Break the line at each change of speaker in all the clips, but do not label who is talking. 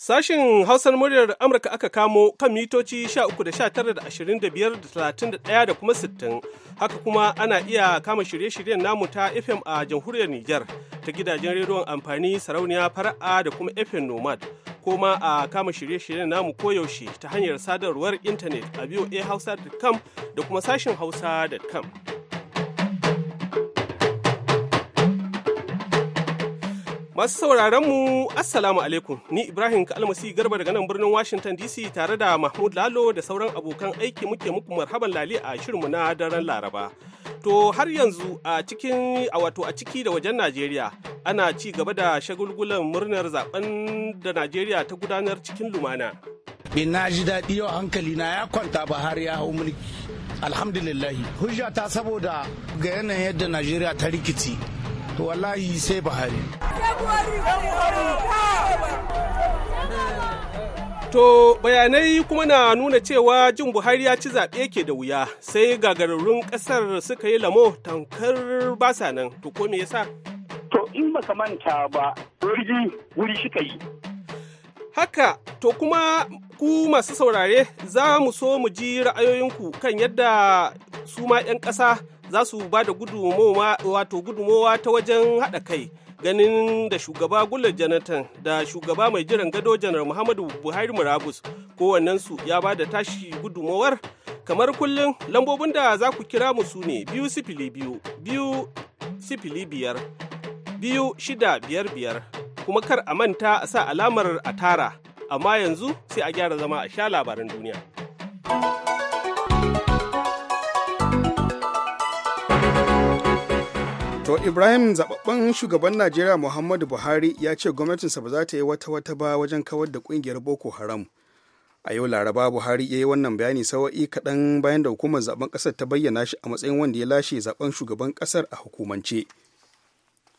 Sashen Hausar muryar Amurka aka kamo kan mitoci 13 da 19 da da kuma 60. Haka kuma ana iya kama shirye-shiryen namu ta FM a jamhuriyar Nijar ta gidajen rediyon amfani sarauniya fara'a da kuma FM Nomad. Koma a kama shirye-shiryen namu koyaushe ta hanyar sadarwar intanet a voahausa.com da kuma sashin hausa.com. Masu sauraron mu Assalamu alaikum. Ni Ibrahim Kalmasi Garba daga nan birnin Washington DC tare da Mahmud Lalo da sauran abokan aiki muke muku marhaban lali a shirinmu na daren Laraba. To har yanzu a cikin a wato a ciki da wajen Najeriya ana ci gaba da shagulgulan murnar zaben da Najeriya ta gudanar cikin lumana. Eh, na ji daɗi yau hankali na ya kwanta ba har ya hau mulki. Alhamdulillahi. Hujja ta saboda ga yanayin yadda Najeriya ta rikici. to wallahi sai buhari To bayanai kuma na nuna cewa jin Buhari ya ci zaɓe ke da wuya sai gagararrun ƙasar suka yi lamo tankar basa nan to ko me yasa? To in baka manta ba wuri wuri shika yi. Haka to kuma ku masu saurare za mu so mu ji ra'ayoyinku kan yadda su ma 'yan ƙasa za su ba da gudunmowa ta wajen haɗa kai ganin da shugaba gullar jonathan da shugaba mai jiran gado janar muhammadu buhari murabus kowannensu ya ba da tashi gudunmowar kamar kullum lambobin da za ku kira mu su ne biyu sifili biyu biyu sifili biyar biyu shida biyar biyar kuma kar a manta a sa alamar a tara amma yanzu sai a gyara zama a sha labaran duniya.
To Ibrahim zababben shugaban Najeriya Muhammadu Buhari ya ce gwamnatinsa ba za ta yi wata wata ba wajen kawar da kungiyar Boko Haram. A yau Laraba Buhari ya yi wannan bayani sawa'i kaɗan bayan da hukumar zaben ƙasar ta bayyana shi a matsayin wanda ya lashe zaben shugaban ƙasar a hukumance.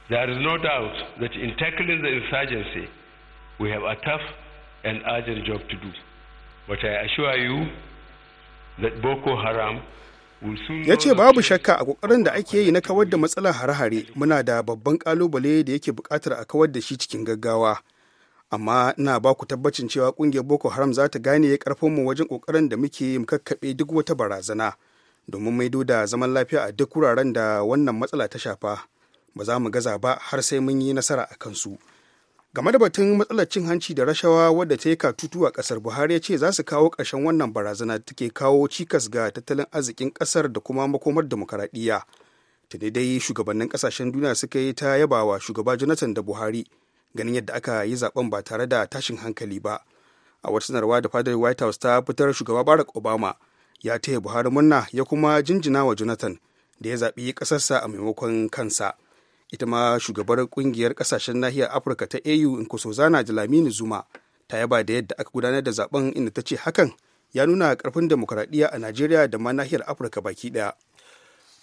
There is no doubt that in tackling the insurgency we have a tough and urgent job to do. But I assure you
that Boko Haram
ya ce babu shakka a kokarin da ake yi na kawar da matsalar hare-hare muna da babban kalubale da yake bukatar a kawar da shi cikin gaggawa amma ina ba ku tabbacin cewa kungiyar boko haram za ta gane ya karfinmu wajen kokarin da muke mu kakkaɓe duk wata barazana domin maido da zaman lafiya a duk wuraren da wannan matsala ta shafa ba za mu gaza ba har sai mun yi nasara a kansu. su game da batun matsalar cin hanci da rashawa wadda ta yi katutu a kasar buhari ya ce za su kawo ƙarshen wannan barazana da ke kawo cikas ga tattalin arzikin kasar da kuma makomar demokaradiyya tuni dai shugabannin kasashen duniya suka yi ta yabawa shugaba jonathan da buhari ganin yadda aka yi zaben ba tare da tashin hankali ba a wata sanarwa da fadar white house ta fitar shugaba barack obama ya taya buhari murna ya kuma jinjina wa jonathan da ya zaɓi ƙasarsa a maimakon kansa ita ma shugabar kungiyar kasashen nahiyar afirka ta au da lamini zuma ta yaba da yadda aka gudanar da zaben inda ta ce hakan ya nuna karfin demokuraɗiyya a najeriya da ma nahiyar afirka baki daya.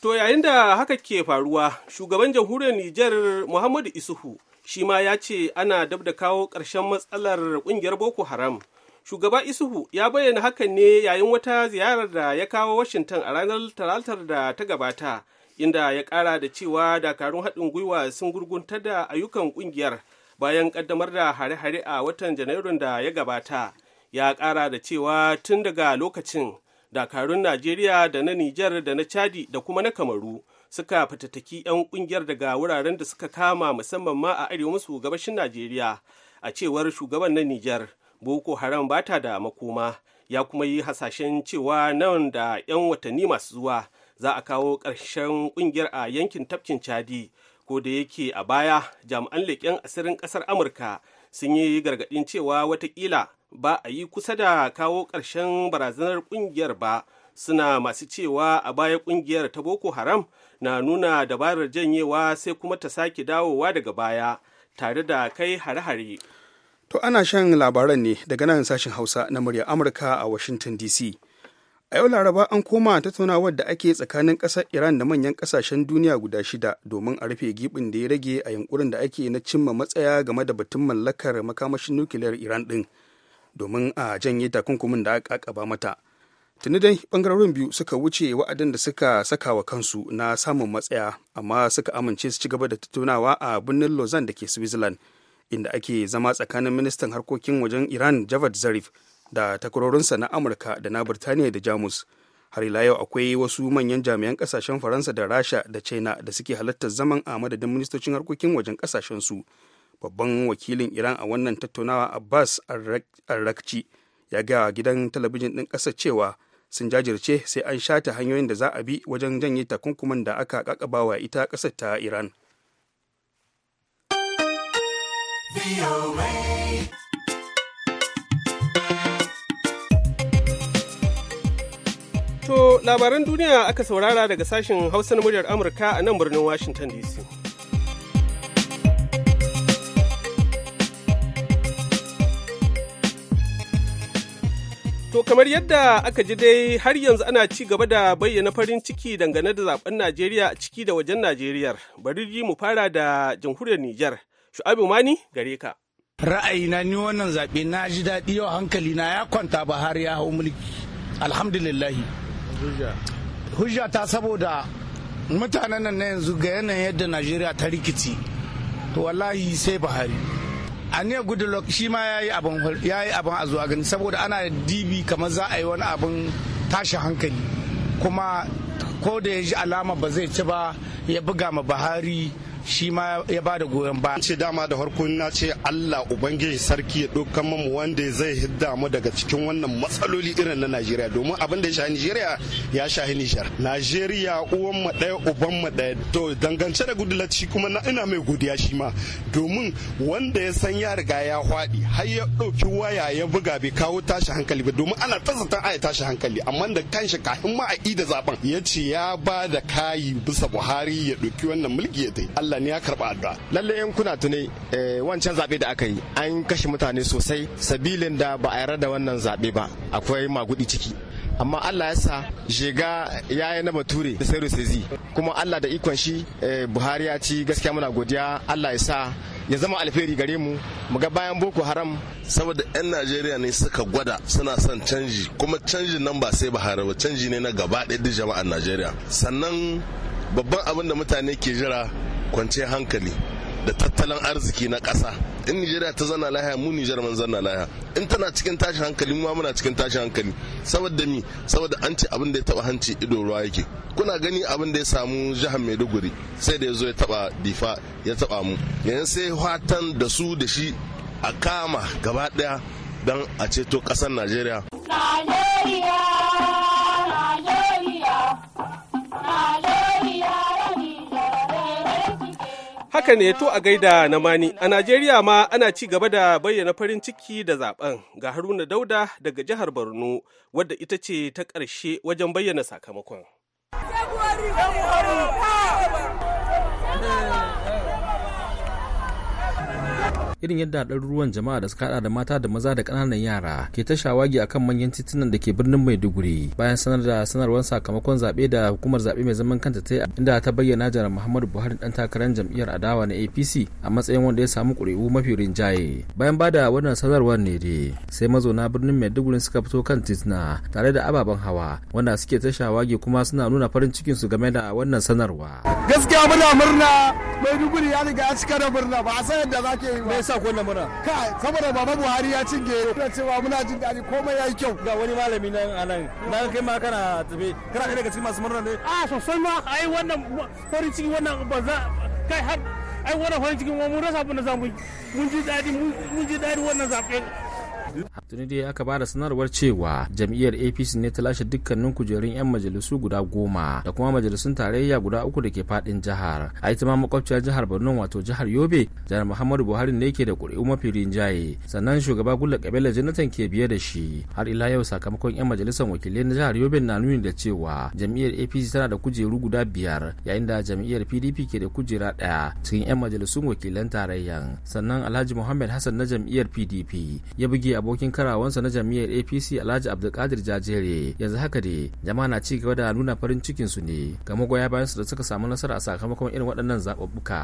to yayin da haka ke faruwa shugaban jamhuriyar niger muhammadu isuhu shi ma ya ce ana dab da kawo ƙarshen matsalar kungiyar boko haram shugaba isuhu ya bayyana hakan ne yayin wata ziyarar da ya kawo washington a ranar talatar da ta gabata inda ya kara da cewa dakarun haɗin gwiwa sun gurguntar da ayyukan ƙungiyar bayan ƙaddamar da hare-hare a watan janairun da ya gabata ya ƙara da cewa tun daga lokacin dakarun najeriya da na nijar da na chadi da kuma na kamaru suka fatattaki 'yan ƙungiyar daga wuraren da suka kama musamman ma a arewa maso gabashin najeriya a cewar shugaban na nijar boko haram bata da makoma ya kuma yi hasashen cewa nan da 'yan watanni masu zuwa za a kawo ƙarshen ƙungiyar a yankin tafkin chadi ko da yake a baya jami'an leƙen asirin ƙasar amurka sun yi gargaɗin cewa watakila ba a yi kusa da kawo ƙarshen barazanar ƙungiyar ba suna masu cewa a baya ƙungiyar ta boko haram na nuna dabarar janyewa sai kuma ta sake dawowa daga baya tare da kai hare-hare
to ana shan labaran ne daga nan sashen hausa na murya amurka a washington dc a yau laraba an koma tattaunawar da ake tsakanin ƙasar iran da manyan ƙasashen duniya guda shida domin a rufe gibin da ya rage a yankurin da ake na cimma matsaya game da batun mallakar makamashin nukiliyar iran ɗin domin a janye takunkumin da aka ƙaba mata tuni dai ɓangarorin biyu suka wuce wa'adin da suka saka wa kansu na samun matsaya amma suka amince su ci gaba da tattaunawa a birnin lausanne da ke switzerland inda ake zama tsakanin ministan harkokin wajen iran javad zarif da takwarorinsa na amurka da na birtaniya da jamus har ila yau akwai wasu manyan jami'an kasashen faransa da rasha da china da suke halartar zaman a madadin ministocin harkokin wajen su babban wakilin iran a wannan tattaunawa abbas arrakci ya ga gidan talabijin ɗin ƙasa cewa sun jajirce sai an shata hanyoyin da za a bi wajen janye takunkuman da aka kakabawa ita ƙasar ta iran.
To labaran duniya aka saurara daga sashen Hausa na muryar Amurka a nan birnin Washington DC. To kamar yadda aka ji dai har yanzu ana ci gaba da bayyana farin ciki dangane da zaben Najeriya a ciki da wajen najeriyar Bari ji mu fara da jamhuriyar Nijar. Shu'abu Mani gare ka.
Ra'ayina ni wannan zaɓe na ji daɗi yau hankali na ya kwanta Buhari ya hau mulki. Alhamdulillahi.
hujja ta saboda mutanen nan na yanzu ga yanayin yadda
najeriya ta rikici to wallahi sai buhari a ne goodluck shi ma ya yi abin a zuwa gani saboda ana dibi kamar za a yi wani abin tashi hankali kuma ko da ya ji alama ba zai ci ba ya buga ma buhari shi ma ya ba da goyon ba. ce dama da farkon na ce Allah Ubangiji sarki ya ɗaukan mu wanda zai hidda mu daga cikin wannan matsaloli irin na Najeriya domin abin da ya shahi Najeriya ya shahi Nijar. Najeriya uwan mu ɗaya uban mu ɗaya to dangance da gudulaci kuma na ina mai godiya shi ma domin wanda ya san ya riga ya hwaɗi har ya ɗauki waya ya buga bai kawo tashi hankali ba domin ana tazata aya tashi hankali amma da kanshi kafin ma a da zaben ya ya ba da kayi bisa Buhari ya ɗauki wannan mulki ya tai Allah ne ya karba addu'a lalle in kuna tuni eh, wancan zabe da aka yi an kashe mutane sosai sabilin da ba a yarda da wannan zabe ba akwai magudi ciki amma Allah ya sa shiga ya yi na bature da sai rusezi kuma Allah da ikon shi eh, Buhari ya ci gaskiya muna godiya Allah ya sa ya zama alheri gare mu mu ga bayan boko haram
saboda yan najeriya ne suka gwada suna son canji kuma canjin nan ba sai Buhari ba canji ne na gaba ɗaya jama'an najeriya sannan babban abin da mutane ke jira kwanciyar hankali da tattalin arziki na ƙasa in nigeria ta zana lahiya mu nijar man zana lahiya in tana cikin tashin hankali mu ma muna cikin tashin hankali saboda mi saboda an ce abin da ya taba hanci ido ruwa yake kuna gani abin da ya samu jihar maiduguri sai da ya zo ya taba difa ya taba mu yanzu sai watan da su da shi a kama gaba
daya don a ceto ƙasar najeriya
Haka ne to a gaida na mani. A Najeriya ma ana ci gaba da bayyana farin ciki da zaben ga Haruna Dauda daga jihar Borno wadda ita ce ta ƙarshe wajen bayyana sakamakon.
irin yadda ɗaruruwan jama'a da suka hada da mata da maza da ƙananan yara ke ta shawagi kan manyan titunan da ke birnin maiduguri bayan sanar da sanarwar sakamakon zaɓe da hukumar zaɓe mai zaman kanta ta yi inda ta bayyana janar muhammadu buhari ɗan takarar jam'iyyar adawa na apc a matsayin wanda ya samu ƙuri'u mafi rinjaye bayan ba da wannan sanarwar ne dai sai mazauna birnin maiduguri suka fito kan tituna tare da ababen hawa wanda suke ta shawagi kuma suna nuna farin cikin su game da wannan sanarwa gaskiya muna murna maiduguri ya riga ya cika da murna ba a san yadda za ke yi sa ko wannan murna kai saboda baba buhari ya cinge da cewa muna jin daɗi komai yayi kyau ga wani malami nan a nan na kai ma kana tafe kana kai daga cikin masu murna ne a ah, sosai ma ai wannan farin ciki wannan baza
kai har ai wannan farin ciki mun rasa abin da za mu mun ji daɗi mun ji dadi wannan zaɓe.
tuni dai aka bada sanarwar cewa jam'iyyar apc ne ta lashe dukkanin kujerun 'yan majalisu guda goma da kuma majalisun tarayya guda uku da ke fadin jihar a ita ma makwabciyar jihar borno wato jihar yobe jihar muhammadu buhari ne ke da ƙuri'u mafi rinjaye sannan shugaba gulla kabila jonathan ke biye da shi har ila yau sakamakon 'yan majalisar wakilai na jihar yobe na nuni da cewa jam'iyyar apc tana da kujeru guda biyar yayin da jam'iyyar pdp ke da kujera ɗaya cikin 'yan majalisun wakilan tarayyan sannan alhaji muhammad hassan na jam'iyyar pdp ya buge abokin karawansa na jam'iyyar apc alhaji abdulkadir jajere yanzu haka dai jama'a na ci gaba da nuna farin cikin su ne ga magoya bayansu da suka samu nasara a sakamakon irin waɗannan zaɓuɓɓuka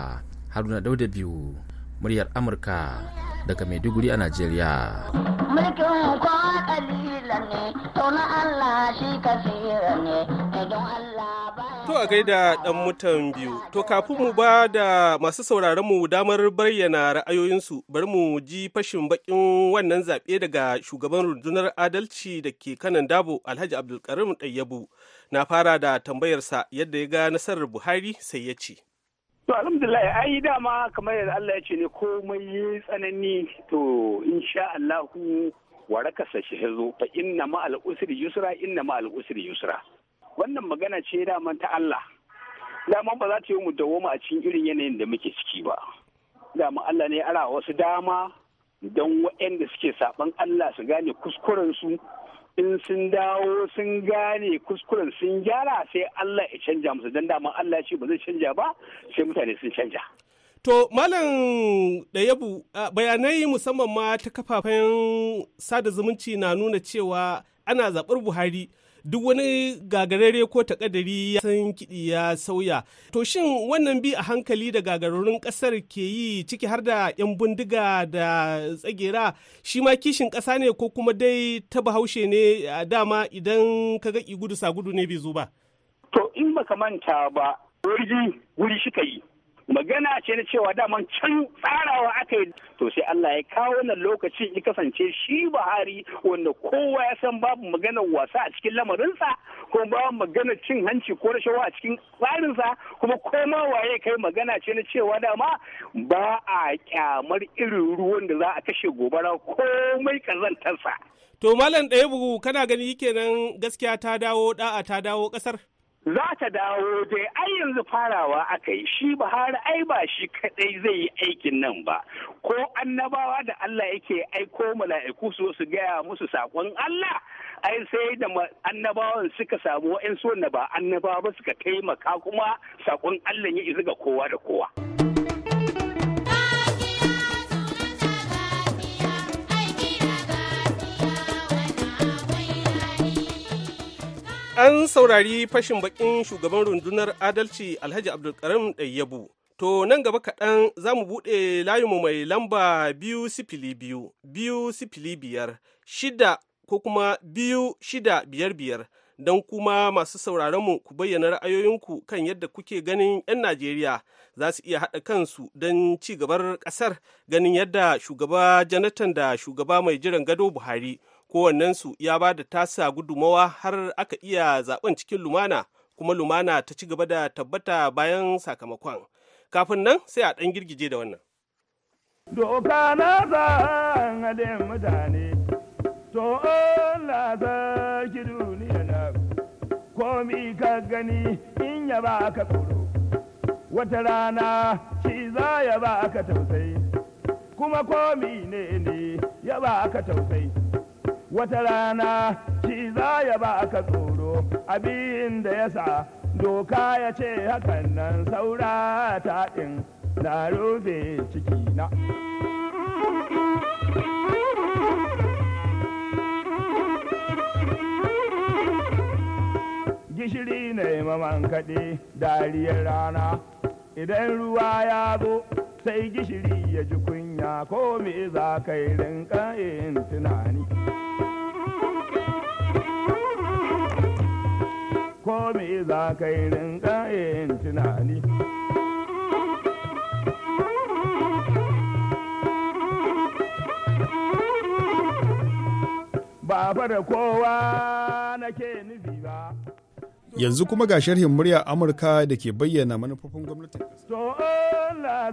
haruna dauda biyu muryar amurka daga maiduguri a najeriya
mulkin kalila ne
To a gaida ɗan mutan biyu, to kafin mu ba da masu sauraron mu damar bayyana ra'ayoyinsu bari mu ji fashin bakin wannan zaɓe daga shugaban rundunar adalci da ke kanan dabo Alhaji Abdulkarim Ɗayyabu. Na fara da tambayarsa yadda ya ga nasarar Buhari sai ya ce. To
alhamdulillah ai dama kamar yadda Allah ya ce ne komai yi tsanani to insha Allahu warakasa shi ya zo fa inna ma usri yusra inna ma usri yusra wannan magana ce dama ta Allah dama ba za ta yi mu dawoma a cikin irin yanayin da muke ciki ba dama Allah ne ara wasu dama don waɗanda suke saban Allah su gane kuskuren su in sun dawo sun gane kuskuren sun gyara sai Allah ya canja musu don daman Allah shi ba zai canja ba sai mutane sun canja.
To Malam yabu bayanai musamman ma ta kafafen sada zumunci na nuna cewa ana zaɓar Buhari. duk wani gagarare ko takadari ya san kiɗi ya sauya. To shin wannan bi a hankali da gagarorin ƙasar ke yi ciki har da 'yan bindiga da tsagera shi ma kishin ƙasa ne ko kuma dai ta bahaushe ne a dama idan ka ga gudu sa gudu ne bai zo ba. To in baka manta ba wuri shi ka yi.
magana ce na cewa daman can tsarawa aka yi to sai Allah ya kawo nan lokaci ya kasance shi Buhari wanda kowa ya san babu magana wasa a cikin lamarinsa ko babu magana cin hanci ko rashawa a cikin tsarinsa kuma koma waye kai magana ce na cewa dama ba a kyamar irin ruwan da za a kashe gobara
komai kazantarsa. To malam ɗaya bugu kana gani kenan gaskiya ta dawo da'a ta dawo ƙasar? za ta dawo dai ai yanzu farawa aka yi shi buhari
ai ba shi kadai zai yi aikin nan ba ko annabawa da allah yake aiko mala'iku su su gaya musu sakon allah ai sai da annabawan suka samu wa'in so na ba annabawa ba suka taimaka kuma sakon allah ya izu ga kowa da kowa.
An saurari fashin bakin shugaban rundunar adalci Alhaji Abdulkarim Ɗayyabu. To nan gaba kaɗan za mu buɗe layinmu mai lamba biyu sifili biyu, biyu sifili biyar, shida ko kuma biyu shida biyar biyar. Don kuma masu sauraronmu ku bayyana ra'ayoyinku kan yadda kuke ganin 'yan Najeriya za su iya haɗa kansu don ci gabar ƙasar ganin yadda shugaba Janatan da shugaba mai jiran gado Buhari. kowannensu ya ba da tasa gudumawa har aka iya zaben cikin lumana kuma lumana ta ci gaba da tabbata bayan sakamakon kafin nan sai a ɗan girgije da wannan
doka na za mutane to Allah duniya na komi ka gani in ya ba ka tsoro wata rana shi za ya ba ka tausayi kuma komi ne ne ya ba ka tausayi wata rana shi za ya ba ka tsoro abin da ya sa doka ya ce hakan nan saura ta ɗin na rufe ciki na. Gishiri ne maman kaɗe dariyar rana, idan ruwa ya zo sai gishiri ya ji kunya ko me za ka yi rinƙa yin tunani. ko me za ka yi rinka yin tunani.
Ba fa da kowa nake nufi ba. Yanzu kuma ga sharhin murya Amurka da ke bayyana manufofin gwamnati To
Allah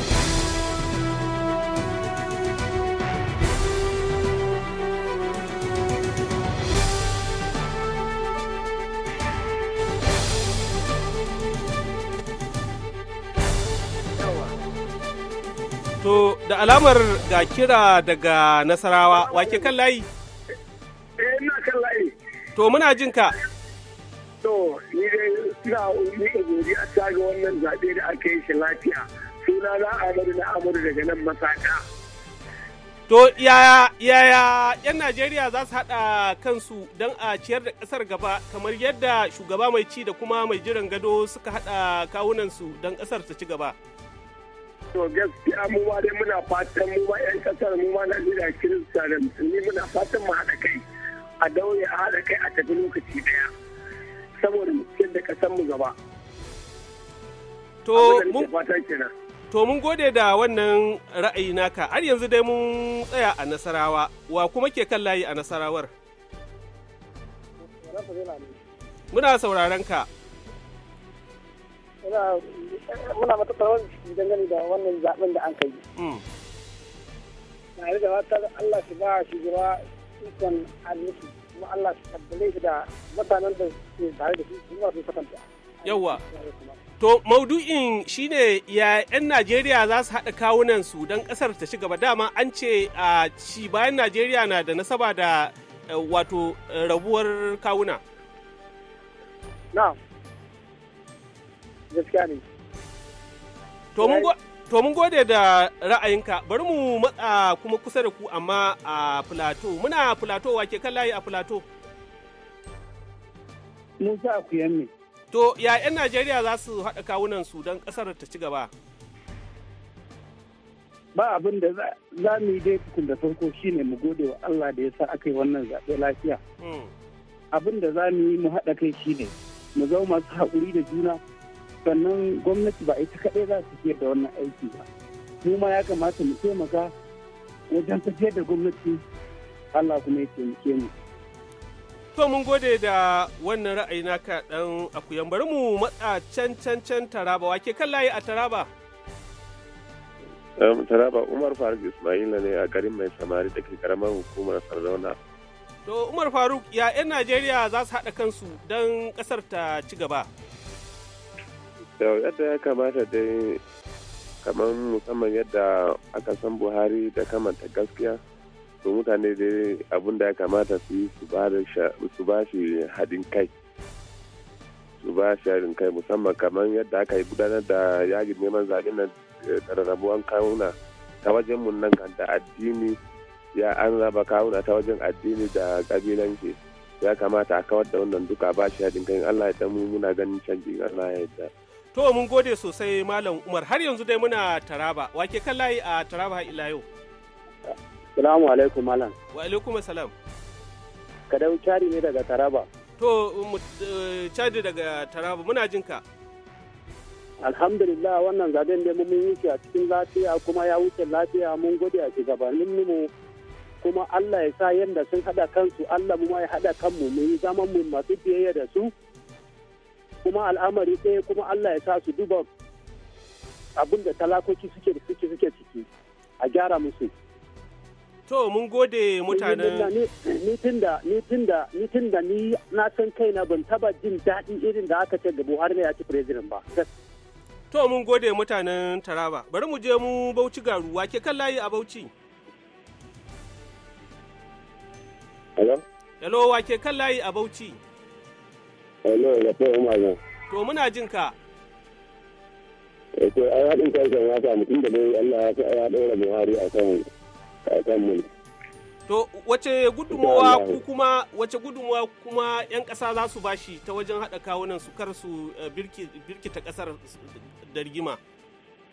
To da alamar ga kira daga Nasarawa, wake kan layi?
Eh, ina kan layi.
To muna jin ka.
To, ni dai ina a a tsaga wannan zaɓe da aka yi shi lafiya. Suna na
Amadu na Amadu daga nan masaka.
To, yaya 'yan Najeriya za su haɗa kansu don a ciyar da ƙasar gaba kamar yadda shugaba mai ci da kuma mai jiran gado suka haɗa kawunansu don ƙasar ta ci gaba.
to gaskiya mu ma dai muna fatan mu ma 'yan kasar mu ma Najeriya Kirista da Musulmi muna fatan mu haɗa kai a dauye a haɗa kai a tafi lokaci ɗaya saboda mu da kasar mu gaba. To
mun To mun gode da wannan ra'ayi naka har yanzu dai mun tsaya a Nasarawa wa kuma ke kan layi a Nasarawar. Muna sauraron ka.
muna matuƙar wani dangane da wannan zaɓen da an kai. Hmm. Tare da fatar Allah shi ba shi gaba ikon aliki kuma Allah shi tabbale shi da mutanen da ke tare da shi kuma su sakanta.
Yawwa. To maudu'in ne ya 'yan Najeriya za su haɗa kawunan su don ƙasar ta ci gaba dama an ce a ci bayan Najeriya na da nasaba da eh, wato eh, rabuwar kawuna. Na'am. to mun gode da ra'ayinka bari mu matsa kuma kusa da ku amma a plateau muna plateau wake kan layi a plateau musa ku to ya 'yan najeriya za su haɗa kawunan su don ƙasar ta ci gaba
ba abin da za mu yi dai tukun da farko shine mu gode wa Allah da ya sa aka yi wannan zaɓe lafiya. Hmm. Abin da za mu yi mu haɗa kai shine mu zama masu haƙuri da juna sannan gwamnati ba ita kaɗai za su da wannan aiki ba mu ma ya kamata mu taimaka wajen tafiyar da gwamnati Allah
kuma ya taimake mu
To mun gode da wannan ra'ayi naka dan akuyan bari mu matsa can can can taraba wake kan layi a taraba.
taraba Umar Faruk Ismaila ne a garin mai samari da ke karamar hukumar Sardauna.
To Umar Faruk ya 'yan Najeriya za su haɗa kansu don ƙasar ta ci gaba.
yadda ya kamata dai kamar musamman yadda aka san buhari da kamanta gaskiya to mutane dai abin da ya kamata su yi su ba shi haɗin kai su ba shi haɗin kai musamman kamar yadda aka yi gudanar da yakin neman zaɓen nan eh, da rarrabuwan kawuna ta wajen mun nan kan da addini ya an raba kawuna ta wajen addini da ƙabilanci ya kamata a kawar da wannan duka ba shi haɗin kai Allah ya mu muna ganin canji Allah ya yarda.
To mun gode sosai Malam Umar har yanzu dai muna Taraba wake kan layi a Taraba har ila yau.
Salamu alaikum Malam.
Wa alaikum salam.
Kadau Chari ne daga Taraba.
To eh, Chari daga Taraba muna jin ka.
Alhamdulillah wannan zaben da mun yi a cikin lafiya kuma ya wuce lafiya mun gode a shugabannin mu kuma Allah ya sa yadda sun hada kansu Allah mu ya hada kanmu mu yi zaman mu masu biyayya da su. kuma al'amari ɗaya kuma Allah ya sa su duba abin da talakoki suke
suke suke ciki a gyara musu. To mun gode mutanen.
Ni tun da ni na san kaina ban taba jin daɗi irin da aka ce da Buhari ne ya ci president ba.
To mun gode mutanen Taraba. Bari mu je mu Bauchi garu wake kan layi a Bauchi. Hello? Hello wake kan layi a Bauchi.
Hello, ya fi umar nan.
To muna jin ka.
Ko eh, ai haɗin kai kan mutum da dai Allah ya ɗora Buhari a kan a kan mu.
To wace gudunmawa ku kuma wace gudunmawa kuma 'yan ƙasa za su bashi ta wajen haɗa kawunan su kar su eh, birkita ƙasar da rigima?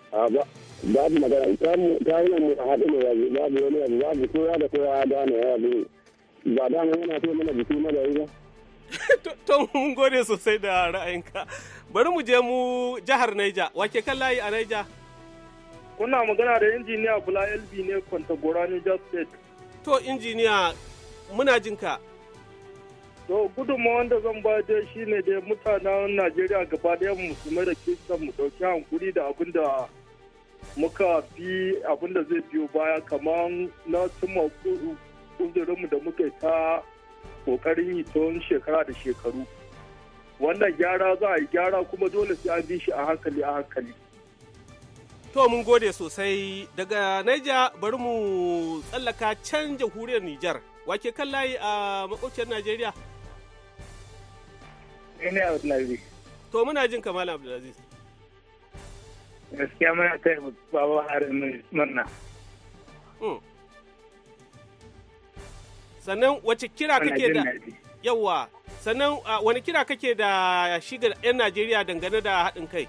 babu magana kawunan mu a haɗu ne ba babu wani ba babu kowa da kowa ya gane ya
ba da yana so mana biki madayi ba.
to mun gode sosai da ra'ayinka bari mu je mu jihar Naija wake kan layi a Naija
kuna magana da injiniya Bula LB ne Kwantagora Niger State
to injiniya muna
jinka to gudunmu da zan ba dai shine da mutanen Najeriya gaba daya musulmai da kiristan mu dauki hankuri da abin da muka fi abin da zai biyo baya kamar na cimma kudurinmu da muka ta kokari yi tsawon shekara da shekaru wannan gyara za a yi gyara kuma dole sai an bi shi a hankali a hankali
to mun gode sosai daga naija bari mu tsallaka can jamhuriyar nijar wake kan layi a makwabciyar najeriya ne abdulaziz to muna jin kamala abdulaziz
gaskiya muna ta yi baba harin murna
hmm. sannan wace kira kake da yawa sannan wani kira kake da shigar 'yan najeriya dangane da haɗin kai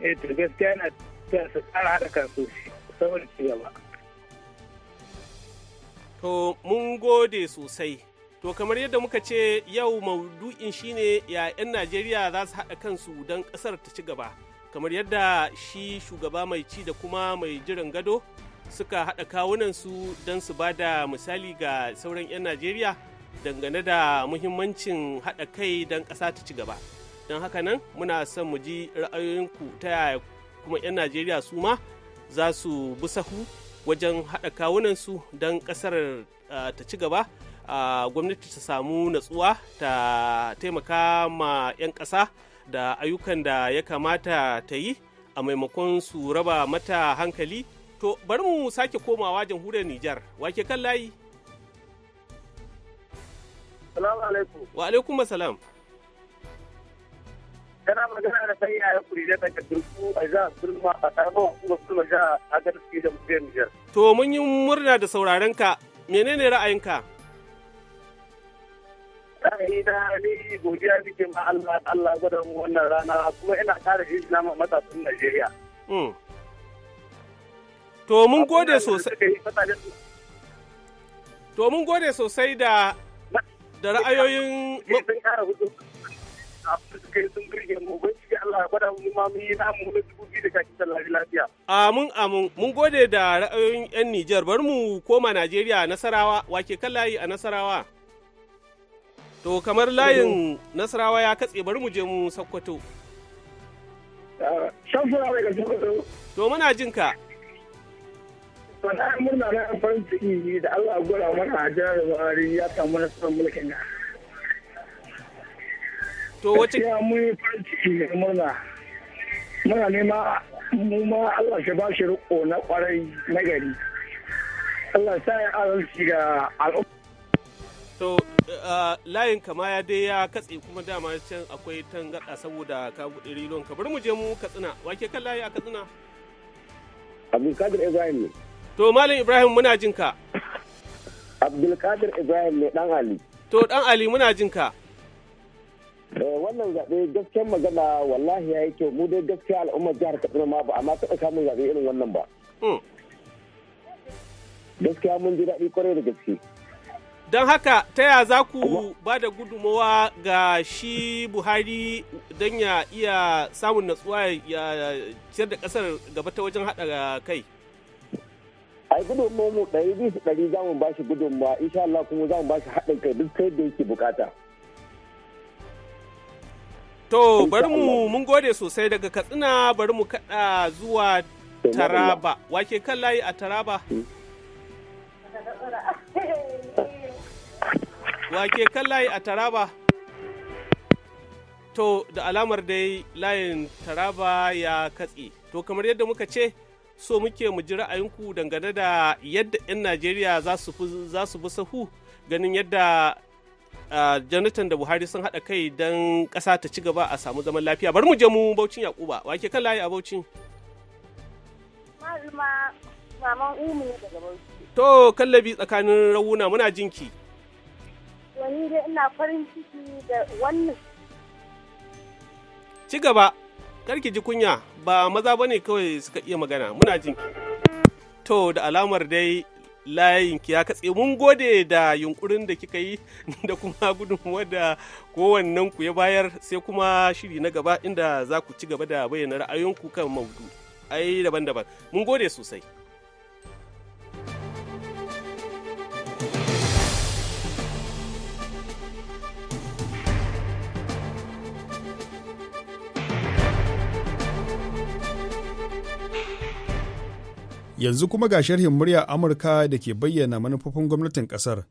eh to gaskiya na su tsara haɗa kansu saboda ci gaba
to mun gode sosai to kamar yadda muka ce yau maudu'in shine ya 'yan najeriya za su haɗa kansu don ƙasar ta ci gaba kamar yadda shi shugaba mai ci da kuma mai jiran gado suka haɗa su don su ba da misali ga sauran 'yan Najeriya dangane da muhimmancin haɗa kai don ƙasa ta ci gaba. Don haka nan muna son mu ji ra'ayoyinku ta yaya kuma 'yan Najeriya su ma za su bi sahu wajen haɗa su don ƙasar ta ci gaba. gwamnati ta samu natsuwa ta taimaka ma 'yan ƙasa da ayyukan da ya kamata ta yi a maimakon su raba mata hankali To bari mu sake komawa jamhuriyar Nijar, wake kan layi? Salamu alaikum. Wa alaikum salam.
Kana magana da sai ya kuri da daga Durku a jihar Sulma a tsarin kuma Sulma jihar Agadar ke da Mutiyar Nijar.
To mun yi murna da sauraron ka, menene ra'ayinka?
Ra'ayina ni godiya nake ma Allah Allah gwada wannan rana kuma ina kare jinjina na matasan Najeriya.
Hmm. To mun gode sosai. To mun gode sosai da da ra'ayoyin mun amun mun gode da ra'ayoyin 'yan Nijar bar mu koma Najeriya Nasarawa wake kan layi a Nasarawa. To kamar layin Nasarawa ya katse bar mu je mu Sokoto. Shan fura mai ga Sokoto. To muna jin ka. wani an murna na farin ciki da
Allah gwada mana a jihar Buhari ya samu nasarar mulkin ga. To wace? Ya mun yi farin ciki da murna. Muna nema mu ma Allah shi ba shi riko na kwarai na gari. Allah sa ya arziki
ga al'umma.
To eh, eh, layin kama ya dai ya katse kuma dama can akwai tangaɗa saboda ka buɗe rilon ka bari mu je mu katsina wake kan layi a katsina. Abdulkadir Ibrahim ne. To Malam Ibrahim muna jin ka. Abdulkadir Ibrahim ne dan Ali. To dan Ali muna jin ka.
Eh, wannan zaɓe gaskiyar magana wallahi ya yi kyau mu dai gaskiya al'ummar jihar Katsina ma ba amma taɓa mun zaɓe irin wannan ba. Hmm. Gaskiya mun ji daɗi kwarai da gaske.
don haka ta ya za ku ba da gudunmawa ga shi buhari don ya iya samun natsuwa ya ciyar da ƙasar gaba ta wajen haɗa kai
ai gudunmuwa mu ɗari bisa ɗari za mu ba shi gudunmuwa insha Allah kuma za mu ba shi haɗin kai duk kai da yake bukata.
To bari mu mun gode sosai daga Katsina bari mu kaɗa zuwa Taraba. Wake kan layi a Taraba? Hmm. Wake kan layi a Taraba? To da alamar dai layin Taraba ya katse. To kamar yadda muka ce, so muke mu ji ra'ayinku dangane da yadda 'yan najeriya za su bi sahu ganin yadda janatan da buhari sun haɗa kai don ƙasa ta ci gaba a samu zaman lafiya bari mu je mu baucin yakuba wake kan layi a baucin to kallabi tsakanin rawuna muna jinki
wani dai ina farin ciki da wannan
ci gaba karki ji kunya ba maza ba ne kawai suka iya magana muna jin to da alamar dai layin ki ya katse mun gode da yunkurin da kika yi da kuma gudunmuwa da kowannen ku ya bayar sai kuma shiri na gaba inda za ku ci gaba da bayyana ra'ayoyinku kan maudu ai daban-daban mun gode sosai
Yanzu kuma ga sharhin murya Amurka da ke bayyana manufofin gwamnatin kasar.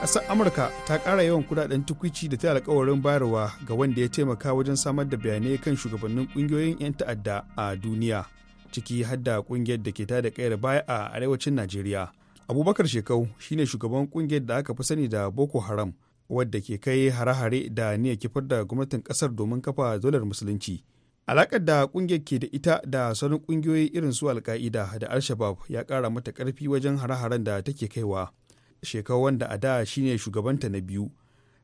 Ƙasar Amurka ta ƙara yawan kudaden tukwici da ta alkawarin bayarwa ga wanda ya taimaka wajen samar da bayanai kan shugabannin ƙungiyoyin 'yan ta'adda a duniya, ciki hadda ƙungiyar da ke tada kayar baya a arewacin Najeriya. Abubakar Shekau shine shugaban ƙungiyar da aka fi sani da Boko Haram, wadda ke kai hare-hare da niyyar kifar da gwamnatin ƙasar domin kafa dolar musulunci. Alaƙar da ƙungiyar ke da ita da sauran ƙungiyoyi irin su alka'ida da al ya ƙara mata karfi wajen hare-haren da take kaiwa. Shekau wanda a da shine shugabanta na biyu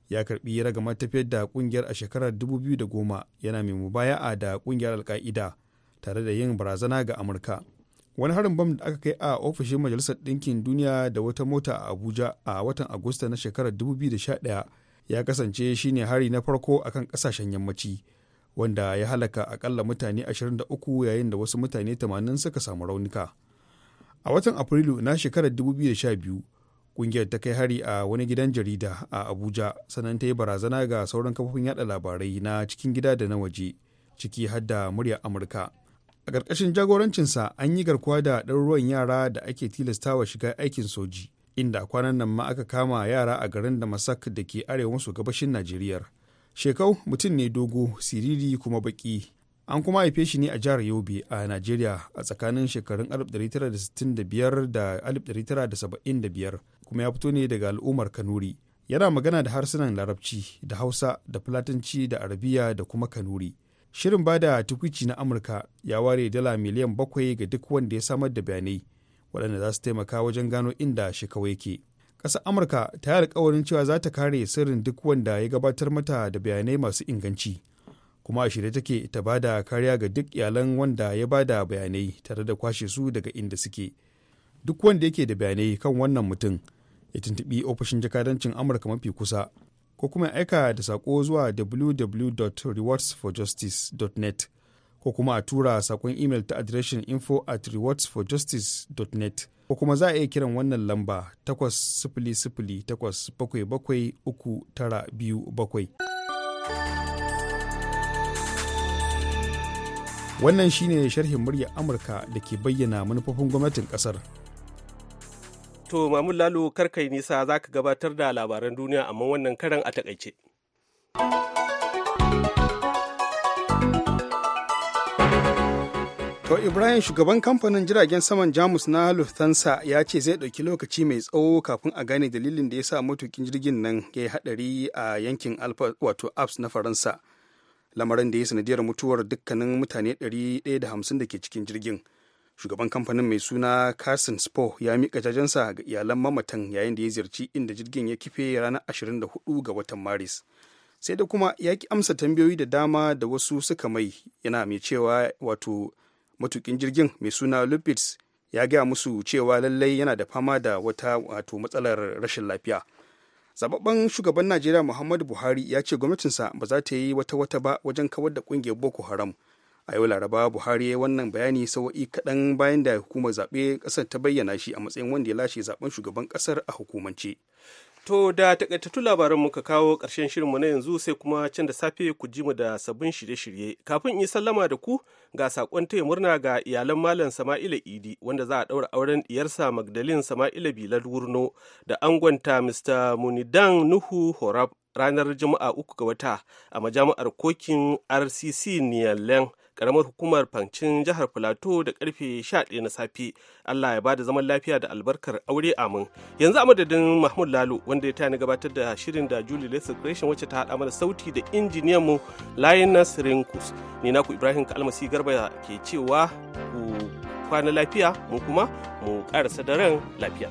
ya karbi ragamar tafiyar da ƙungiyar a shekarar 2010 yana mai a da ƙungiyar alka'ida tare da yin barazana ga Amurka. Wani harin bam da aka kai a ofishin Majalisar Ɗinkin Duniya da wata mota a Abuja a watan Agusta na shekarar 2011 ya kasance shine hari na farko akan ƙasashen yammaci. wanda ya halaka akalla mutane 23 yayin da wasu mutane 80 suka samu raunuka a watan afrilu na shekarar 2012 kungiyar ta kai hari a wani gidan jarida a abuja sanan ta yi barazana ga sauran kafofin yada labarai na cikin gida da na waje ciki har da murya amurka a ƙarƙashin jagorancinsa an yi garkuwa da ɗaruruwan yara da ake tilastawa shiga aikin soji inda kwanan nan ma aka kama yara a garin da masak da ke arewa maso gabashin najeriya shekau mutum ne dogo siriri kuma baki an kuma haife shi ne a jihar yobe a najeriya a tsakanin shekarun 1965 da 1975 kuma ya fito ne daga al'ummar kanuri yana magana da harsunan larabci da hausa da fulatanci da arabiya da kuma kanuri shirin ba da tukwici na amurka ya ware dala miliyan bakwai ga duk wanda ya samar da bayanai waɗanda za su taimaka wajen gano inda shekau yake ƙasar amurka ta yi alkawarin cewa za ta kare sirrin duk wanda ya gabatar mata da bayanai masu inganci kuma a shirye take ta ba da kariya ga duk iyalan wanda ya ba da bayanai tare da kwashe su daga inda suke duk wanda yake da bayanai kan wannan mutum ya tuntubi ofishin jakadancin amurka mafi kusa ko kuma ya aika da saƙo zuwa www.rewardsforjustice.net ko kuma a tura saƙon imel ta adireshin info at rewardsforjustice.net ko kuma za a iya kiran wannan lamba bakwai Wannan shine sharhin murya Amurka da ke bayyana manufofin gwamnatin kasar.
To, Mamun Lalo, karkai nisa za ka gabatar da labaran duniya amma wannan karan a takaice.
To Ibrahim shugaban kamfanin jiragen saman Jamus na Lufthansa ya ce zai ɗauki lokaci mai tsawo kafin a gane dalilin da ya sa matukin jirgin nan ya yi haɗari a yankin Alpha wato Alps na Faransa. Lamarin da ya sanadiyar mutuwar dukkanin mutane 150 da ke cikin jirgin. Shugaban kamfanin mai suna Carson Spohr ya miƙa jajensa ga iyalan mamatan yayin da ya ziyarci inda jirgin ya kife ranar 24 ga watan Maris. sai da kuma ya ki amsa tambayoyi da dama da wasu suka mai yana mai cewa wato matukin jirgin mai suna lupitz ya gaya musu cewa lallai yana da fama da wata wato matsalar rashin lafiya zababben shugaban najeriya muhammadu buhari ya ce gwamnatinsa ba za ta yi wata wata ba wajen kawar da kungiyar boko haram a yau laraba buhari ya wannan bayani sawa'i kaɗan bayan da hukumar zaɓe ƙasar ta bayyana shi a matsayin wanda ya lashe zaben shugaban ƙasar a hukumance To da takaitattun labaran
muka kawo ƙarshen shirinmu na yanzu sai kuma can da safe ku ji mu da sabbin shirye-shirye. Kafin in yi sallama da ku ga sakon taya murna ga iyalan Malam Sama'ila Idi wanda za a ɗaura auren diyarsa Magdalin Sama'ila Bilal Wurno da angonta Mr. Munidan Nuhu Horab ranar Juma'a uku ga wata a majami'ar kokin RCC Niyalen. karamar hukumar fancin jihar Filato da karfe 11 na safe. Allah ya bada zaman lafiya da albarkar aure amin. Yanzu a madadin Mahmud Lalo wanda ya tani gabatar da shirin da Julie Lester Creation wacce ta haɗa mana sauti da injiniyan mu Linus Rinkus. Ni naku Ibrahim Kalmasi Garba ke cewa ku kwana lafiya mu kuma mu ƙarasa ran lafiya.